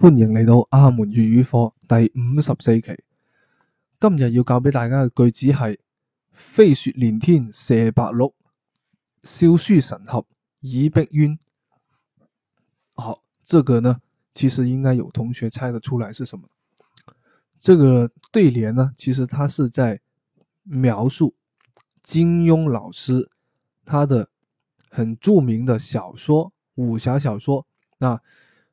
歡迎嚟到阿門粵語課第五十四期，今日要教俾大家嘅句子係飛雪連天射白鹿，笑書神俠倚碧鴛。好、啊，這個呢，其實應該有同學猜得出來是什麼？這個對聯呢，其實它是在描述金庸老師他的很著名的小說武俠小說。那、啊